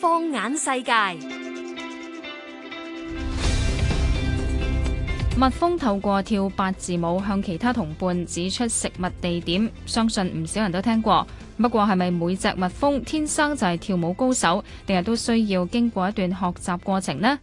放眼世界，蜜蜂透過跳八字舞向其他同伴指出食物地點，相信唔少人都聽過。不過，係咪每隻蜜蜂天生就係跳舞高手，定係都需要經過一段學習過程呢？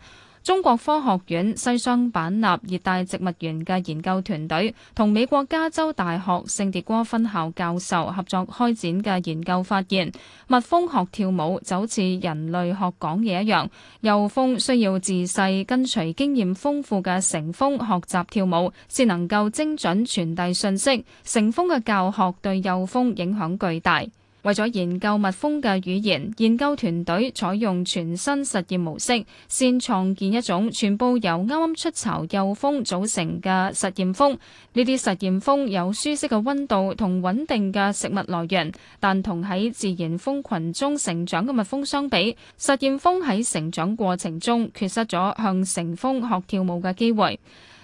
中國科學院西雙版納熱帶植物園嘅研究團隊同美國加州大學聖迭瓜分校教授合作開展嘅研究發現，蜜蜂學跳舞，就好似人類學講嘢一樣。幼蜂需要自細跟隨經驗豐富嘅成蜂學習跳舞，先能夠精準傳遞信息。成蜂嘅教學對幼蜂影響巨大。為咗研究蜜蜂嘅語言，研究團隊採用全新實驗模式，先創建一種全部由啱啱出巢幼蜂組成嘅實驗蜂。呢啲實驗蜂有舒適嘅溫度同穩定嘅食物來源，但同喺自然蜂群中成長嘅蜜蜂相比，實驗蜂喺成長過程中缺失咗向成蜂學跳舞嘅機會。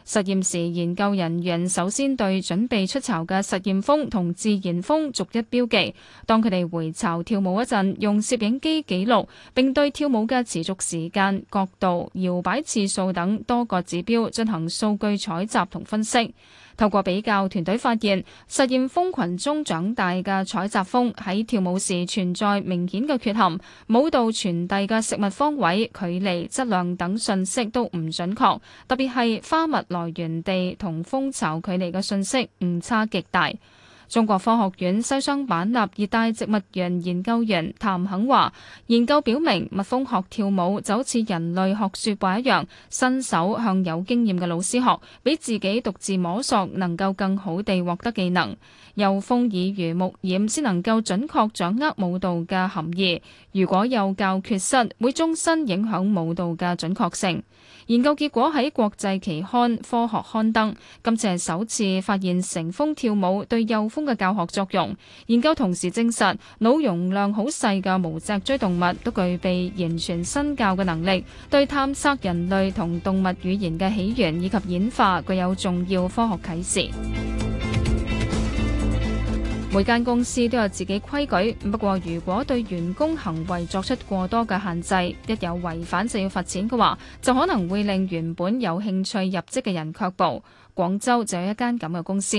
實驗時，研究人員首先對準備出巢嘅實驗蜂同自然蜂逐一標記。當佢哋回巢跳舞一陣，用攝影機記錄，並對跳舞嘅持續時間、角度、搖擺次數等多個指標進行數據採集同分析。透過比較，團隊發現，實驗蜂群中長大嘅採集蜂喺跳舞時存在明顯嘅缺陷，舞蹈傳遞嘅食物方位、距離、質量等信息都唔準確，特別係花蜜來源地同蜂巢距離嘅信息誤差極大。中國科學院西雙版納熱帶植物園研究員譚肯話：，研究表明，蜜蜂學跳舞就好似人類學說話一樣，伸手向有經驗嘅老師學，比自己獨自摸索能夠更好地獲得技能。幼蜂耳濡目染，先能夠準確掌握舞蹈嘅含義；，如果幼教缺失，會終身影響舞蹈嘅準確性。研究結果喺國際期刊《科學》刊登，今次係首次發現成蜂跳舞對幼蜂嘅教學作用。研究同時證實，腦容量好細嘅無脊椎動物都具備言傳身教嘅能力，對探測人類同動物語言嘅起源以及演化具有重要科學啟示。每間公司都有自己規矩，不過如果對員工行為作出過多嘅限制，一有違反就要罰錢嘅話，就可能會令原本有興趣入職嘅人卻步。廣州就有一間咁嘅公司。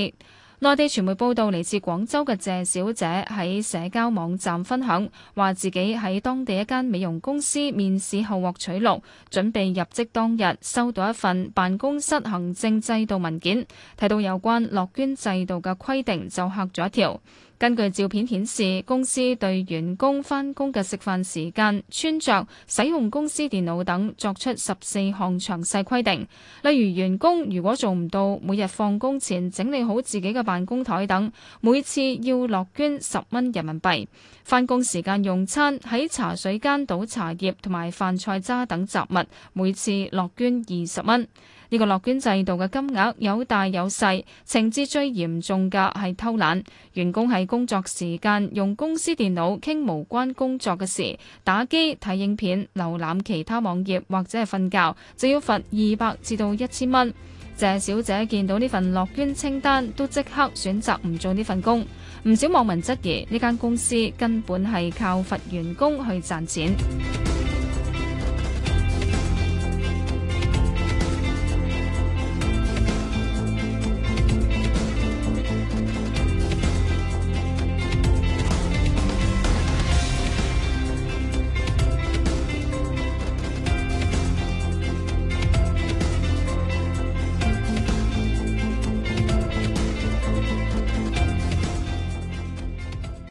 內地傳媒報道，來自廣州嘅謝小姐喺社交網站分享，話自己喺當地一間美容公司面試後獲取錄，準備入職當日收到一份辦公室行政制度文件，睇到有關樂捐制度嘅規定就吓咗一跳。根據照片顯示，公司對員工返工嘅食飯時間、穿着、使用公司電腦等作出十四項詳細規定。例如，員工如果做唔到每日放工前整理好自己嘅辦公枱等，每次要樂捐十蚊人民幣；返工時間用餐喺茶水間倒茶葉同埋飯菜渣等雜物，每次樂捐二十蚊。呢個樂捐制度嘅金額有大有細，情節最嚴重嘅係偷懶。員工喺工作時間用公司電腦傾無關工作嘅事、打機、睇影片、瀏覽其他網頁或者係瞓覺，就要罰二百至到一千蚊。謝小姐見到呢份樂捐清單，都即刻選擇唔做呢份工。唔少網民質疑呢間公司根本係靠罰員工去賺錢。